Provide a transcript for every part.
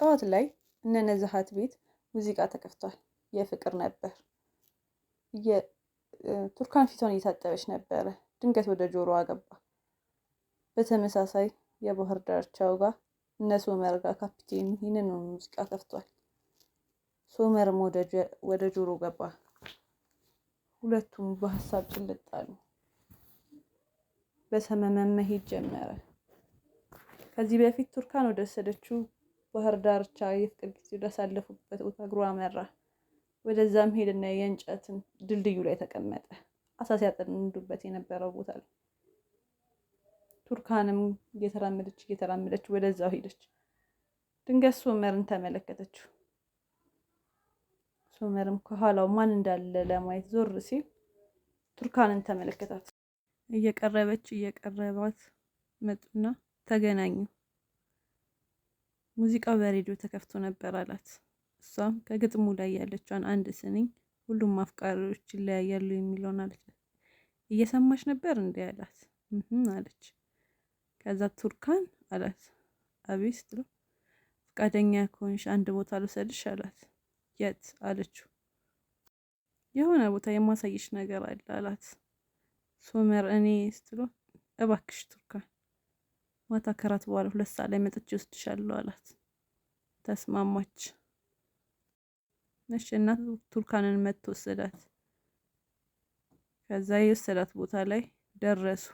ጠዋት ላይ እነነዝሀት ቤት ሙዚቃ ተከፍቷል። የፍቅር ነበር። ቱርካን ፊቷን እየታጠበች ነበረ። ድንገት ወደ ጆሮዋ ገባ። በተመሳሳይ የባህር ዳርቻው ጋር እነ ሶመር ጋር ካፕቴኑ ይህንን ሙዚቃ ከፍቷል። ሶመርም ወደ ጆሮ ገባ። ሁለቱም በሀሳብ ጭልጥ አሉ። በሰመመን መሄድ ጀመረ። ከዚህ በፊት ቱርካን ወደ ወሰደችው ባህር ዳርቻ የፍቅር ጊዜ ወዳሳለፉበት ቦታ እግሩ አመራ። ወደዛም ሄደና የእንጨትን ድልድዩ ላይ ተቀመጠ። አሳ ሲያጠምዱበት የነበረው ቦታ ላይ ቱርካንም እየተራመደች እየተራመደች ወደዛው ሄደች። ድንገት ሶመርን ተመለከተችው። ሶመርም ከኋላው ማን እንዳለ ለማየት ዞር ሲል ቱርካንን ተመለከታት። እየቀረበች እየቀረባት መጡና ተገናኙ። ሙዚቃው በሬዲዮ ተከፍቶ ነበር አላት። እሷም ከግጥሙ ላይ ያለችዋን አንድ ስንኝ ሁሉም አፍቃሪዎች ይለያያሉ የሚለውን አለች። እየሰማች ነበር እንዴ አላት። አለች። ከዛ ቱርካን አላት። አቤት ስትለው ፈቃደኛ ከሆንሽ አንድ ቦታ ልውሰድሽ አላት። የት አለችው። የሆነ ቦታ የማሳየሽ ነገር አለ አላት። ሶመር እኔ ስትሎ እባክሽ ቱርካን ማታ ከራት በኋላ ሁለት ሰዓት ላይ መጥቼ ወስድሻለሁ አላት። ተስማማች። እሺ እናት ቱርካንን መጥቶ ወሰዳት። ከዛ የወሰዳት ቦታ ላይ ደረሱ።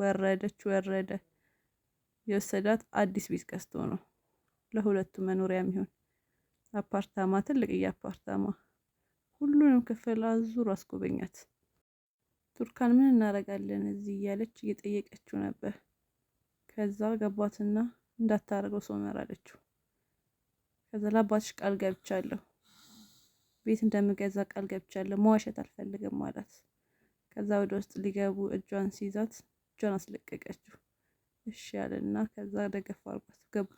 ወረደች ወረደ። የወሰዳት አዲስ ቤት ገዝቶ ነው ለሁለቱ መኖሪያ የሚሆን አፓርታማ፣ ትልቅዬ አፓርታማ። ሁሉንም ክፍል አዙር አስጎበኛት። ቱርካን ምን እናደርጋለን እዚህ እያለች እየጠየቀችው ነበር። ከዛ ገባትና እንዳታረገው ሶመር አለችው። ከዛ ለአባትሽ ቃል ገብቻለሁ ቤት እንደምገዛ ቃል ገብቻለሁ መዋሸት አልፈልግም ማለት። ከዛ ወደ ውስጥ ሊገቡ እጇን ሲይዛት እጇን አስለቀቀችው። እሺ ያለና ከዛ ደገፋ አርጓት ገቡ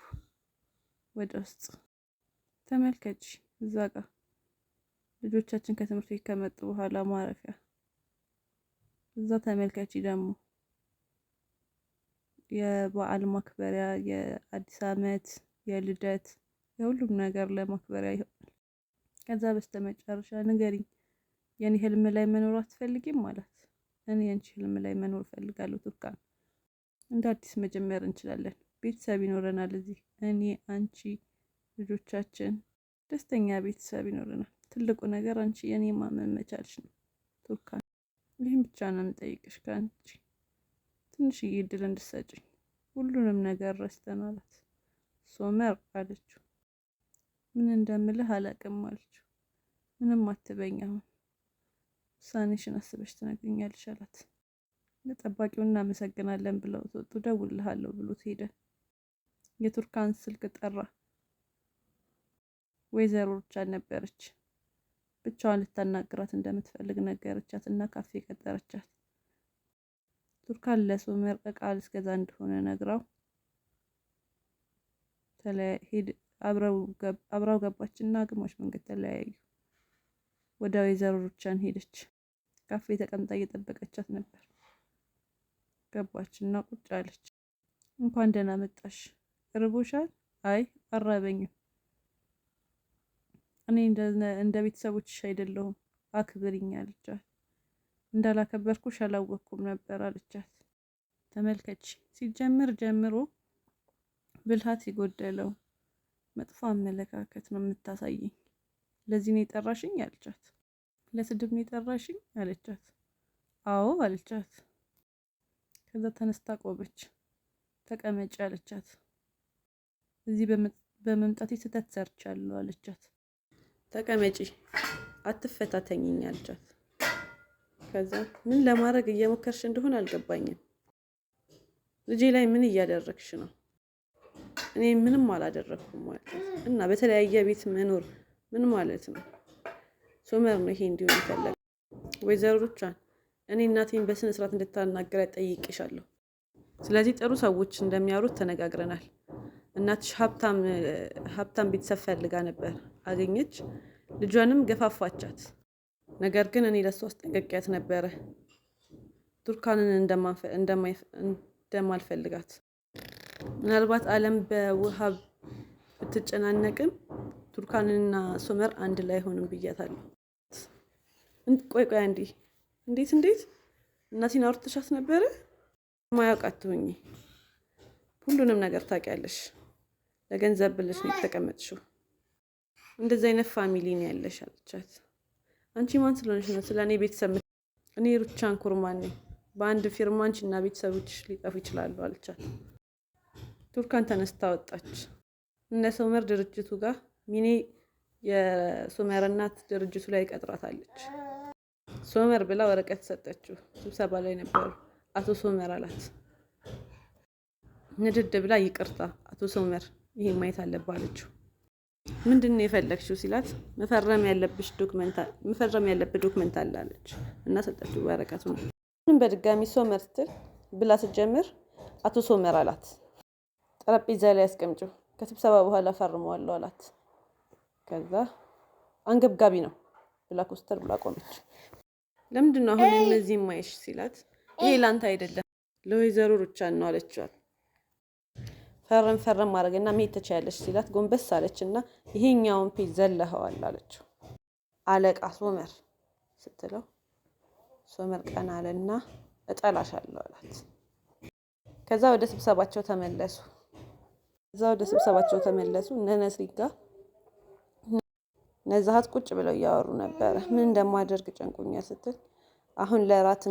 ወደ ውስጥ። ተመልከች እዛ ጋ ልጆቻችን ከትምህርት ቤት ከመጡ በኋላ ማረፊያ እዛ ተመልከች ደግሞ የበዓል ማክበሪያ፣ የአዲስ ዓመት፣ የልደት የሁሉም ነገር ለማክበሪያ ይሆናል። ከዛ በስተመጨረሻ ንገሪኝ የኔ ህልም ላይ መኖር አትፈልጊም አላት። እኔ የአንቺ ህልም ላይ መኖር እፈልጋለሁ ቱርካን። እንደ አዲስ መጀመር እንችላለን። ቤተሰብ ይኖረናል እዚህ እኔ፣ አንቺ፣ ልጆቻችን ደስተኛ ቤተሰብ ይኖረናል። ትልቁ ነገር አንቺ የኔ ማመን መቻልሽ ነው ቱርካን። ይህም ብቻ ነው የምጠይቅሽ ከአንቺ ትንሽዬ እድል እንድሰጭኝ ሁሉንም ነገር ረስተን አላት። ሶመር አለችው። ምን እንደምልህ አላቅም አለችው። ምንም አትበኝ፣ አሁን ውሳኔሽን አስበሽ ትነግሪኛለሽ አላት። ለጠባቂው እናመሰግናለን ብለው ተወጡ። ደውልሃለሁ ብሎት ሄደ። የቱርካን ስልክ ጠራ። ወይዘሮ ሩቻን ነበረች። ብቻዋን ልታናግራት እንደምትፈልግ ነገረቻት እና ካፌ ቀጠረቻት። ቱርካን ለሱ ቃል እስከዛ እንደሆነ ነግራው ሄድ አብራው ገባችና ግማሽ መንገድ ተለያዩ። ወደ ወይዘሮ ሩቻን ሄደች። ካፌ ተቀምጣ እየጠበቀቻት ነበር። ገባችና ቁጭ አለች። እንኳን ደህና መጣሽ፣ እርቦሻል? አይ አራበኝም። እኔ እንደ ቤተሰቦችሽ አይደለሁም፣ አክብሪኝ አለቻት። እንዳላከበርኩሽ አላወቅኩም ነበር አለቻት። ተመልከች ሲጀምር ጀምሮ ብልሃት የጎደለው መጥፎ አመለካከት ነው የምታሳየኝ። ለዚህ ነው የጠራሽኝ አለቻት። ለስድብ ነው የጠራሽኝ አለቻት። አዎ አለቻት። ከዛ ተነስታ ቆመች። ተቀመጭ አለቻት። እዚህ በመምጣቴ ስህተት ሰርቻለሁ አለቻት። ተቀመጪ አትፈታተኝኝ አለቻት። ከዛ ምን ለማድረግ እየሞከርሽ እንደሆነ አልገባኝም። ልጄ ላይ ምን እያደረግሽ ነው? እኔ ምንም አላደረግኩም ማለት ነው። እና በተለያየ ቤት መኖር ምን ማለት ነው? ሶመር ነው ይሄ እንዲሆን ይፈለጋል። ወይዘሮ ሩቻን እኔ እናቴን በስነ ስርዓት እንድታናገር ጠይቄሻለሁ። ስለዚህ ጥሩ ሰዎች እንደሚያወሩት ተነጋግረናል። እናትሽ ሀብታም ቤተሰብ ፈልጋ ነበር፣ አገኘች። ልጇንም ገፋፋቻት። ነገር ግን እኔ ለሱ አስጠንቀቂያት ነበረ ቱርካንን እንደማልፈልጋት። ምናልባት አለም በውሃብ ብትጨናነቅም ቱርካንና ሶመር አንድ ላይ ሆንም ብያታለሁ። ቆይ ቆይ አንዴ፣ እንዴት እንዴት እናቴን አውርተሻት ነበረ? ማያውቃት ሁሉንም ነገር ታውቂያለሽ። ለገንዘብ ብለሽ ነው የተቀመጥሽው። እንደዚህ አይነት ፋሚሊ ነው ያለሽ አለቻት። አንቺ ማን ስለሆነች ነው ስለ እኔ ቤተሰብ? እኔ ሩቻን ኩርማን ነኝ። በአንድ ፊርማ አንቺ እና ቤተሰቦች ሊጠፉ ይችላሉ አለቻት። ቱርካን ተነስታ ወጣች። እነ ሶመር ድርጅቱ ጋር ሚኔ የሶመር እናት ድርጅቱ ላይ ቀጥራታለች። ሶመር ብላ ወረቀት ሰጠችው። ስብሰባ ላይ ነበሩ። አቶ ሶመር አላት። ንድድ ብላ ይቅርታ አቶ ሶመር ይሄ ማየት አለባለችው። ምንድን ነው የፈለግሽው ሲላት መፈረም ያለብሽ ዶክመንት መፈረም ያለብህ ዶክመንት አላለች እና ሰጠችው። ባረቀቱ ነው ምንም በድጋሚ ሶመር ስትል ብላ ስትጀምር አቶ ሶመር አላት። ጠረጴዛ ላይ አስቀምጪው ከስብሰባ በኋላ ፈርመዋለሁ አላት። ከዛ አንገብጋቢ ነው ብላ ኮስተር ብላ ቆመች። ለምንድን ነው አሁን እነዚህ ማይሽ ሲላት ይሄ ላንተ አይደለም ለወይዘሮ ሩቻ ነው አለችዋል ፈርም ፈርም ማድረግና መሄድ ትችያለሽ ሲላት ጎንበስ አለች እና ይሄኛውን ፔጅ ዘለኸዋል አለችው። አለቃ ሶመር ስትለው ሶመር ቀና አለና እጠላሻለሁ አላት። ከዛ ወደ ስብሰባቸው ተመለሱ። ከዛ ወደ ስብሰባቸው ተመለሱ። ነነስሪ ጋር ነዛሀት ቁጭ ብለው እያወሩ ነበረ። ምን እንደማደርግ ጨንቁኛል ስትል አሁን ለራት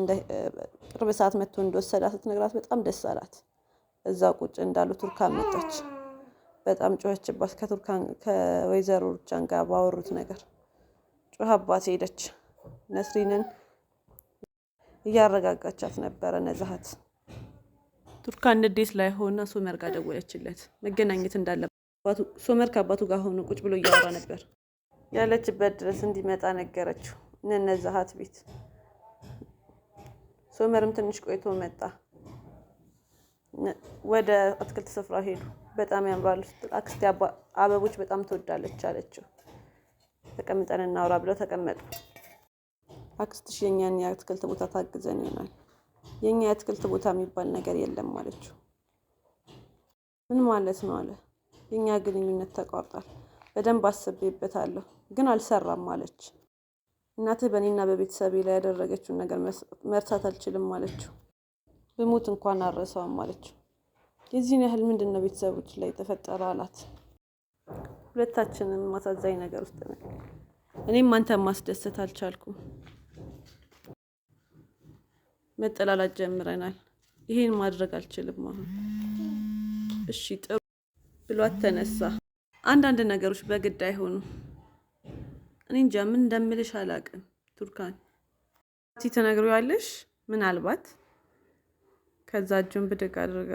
ቅርብ ሰዓት መጥቶ እንደወሰዳት ስትነግራት በጣም ደስ አላት። እዛ ቁጭ እንዳሉ ቱርካን መጣች። በጣም ጮኸችባት። ከቱርካን ከወይዘሮ ሩቻን ጋር ባወሩት ነገር ጮኸባት ሄደች። ነስሪንን እያረጋጋቻት ነበረ ነዛሀት። ቱርካን ንዴት ላይ ሆና ሶመር ጋር ደወለችለት መገናኘት እንዳለባት። ሶመር ከአባቱ ጋር ሆኖ ቁጭ ብሎ እያወራ ነበር። ያለችበት ድረስ እንዲመጣ ነገረችው። ነነዛሀት ቤት ሶመርም ትንሽ ቆይቶ መጣ። ወደ አትክልት ስፍራ ሄዱ። በጣም ያምራሉ ስትል አክስቴ አበቦች በጣም ትወዳለች አለችው። ተቀምጠን እናውራ ብለው ተቀመጡ። አክስትሽ የኛን የአትክልት ቦታ ታግዘን ይሆናል። የኛ የአትክልት ቦታ የሚባል ነገር የለም አለችው። ምን ማለት ነው አለ። የኛ ግንኙነት ተቋርጧል። በደንብ አስቤበታለሁ ግን አልሰራም አለች። እናትህ በእኔና በቤተሰቤ ላይ ያደረገችውን ነገር መርሳት አልችልም አለችው። ብሞት እንኳን አረሰዋም አለችው። የዚህን ያህል ምንድን ነው ቤተሰቦች ላይ የተፈጠረ አላት። ሁለታችንም ማሳዛኝ ነገር ውስጥ ነን። እኔም አንተን ማስደሰት አልቻልኩም። መጠላላት ጀምረናል። ይሄን ማድረግ አልችልም አሁን። እሺ ጥሩ ብሏት ተነሳ። አንዳንድ ነገሮች በግድ አይሆኑም። እኔ እንጃ ምን እንደምልሽ አላውቅም ቱርካን። ተነግሪዋለሽ ምናልባት ከዛ እጁን ብድግ አድርጋ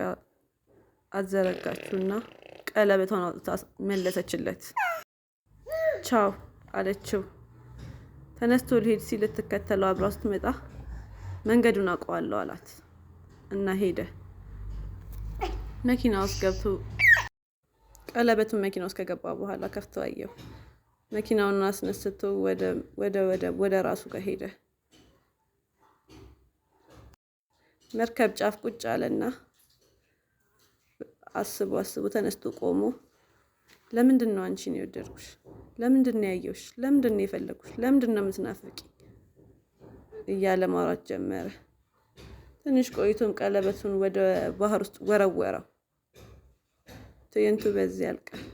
አዘረጋችሁና ቀለበቷን አውጥታ መለሰችለት። ቻው አለችው። ተነስቶ ሊሄድ ሲል ልትከተለው አብራ ስትመጣ መንገዱን አውቀዋለሁ አላት እና ሄደ። መኪና ውስጥ ገብቶ ቀለበቱን መኪና ውስጥ ከገባ በኋላ ከፍቶ አየው። መኪናውን አስነስቶ ወደ ወደ ወደ ራሱ ጋር ሄደ። መርከብ ጫፍ ቁጭ አለና አስቦ አስቦ ተነስቶ ቆሞ ለምንድን ነው አንቺን የወደድኩሽ? ለምንድን ነው ያየሁሽ? ለምንድን ነው የፈለግኩሽ? ለምንድን ነው የምትናፍቂ? እያለ ማውራት ጀመረ። ትንሽ ቆይቶም ቀለበቱን ወደ ባህር ውስጥ ወረወረው። ትዕይንቱ በዚህ ያልቃል።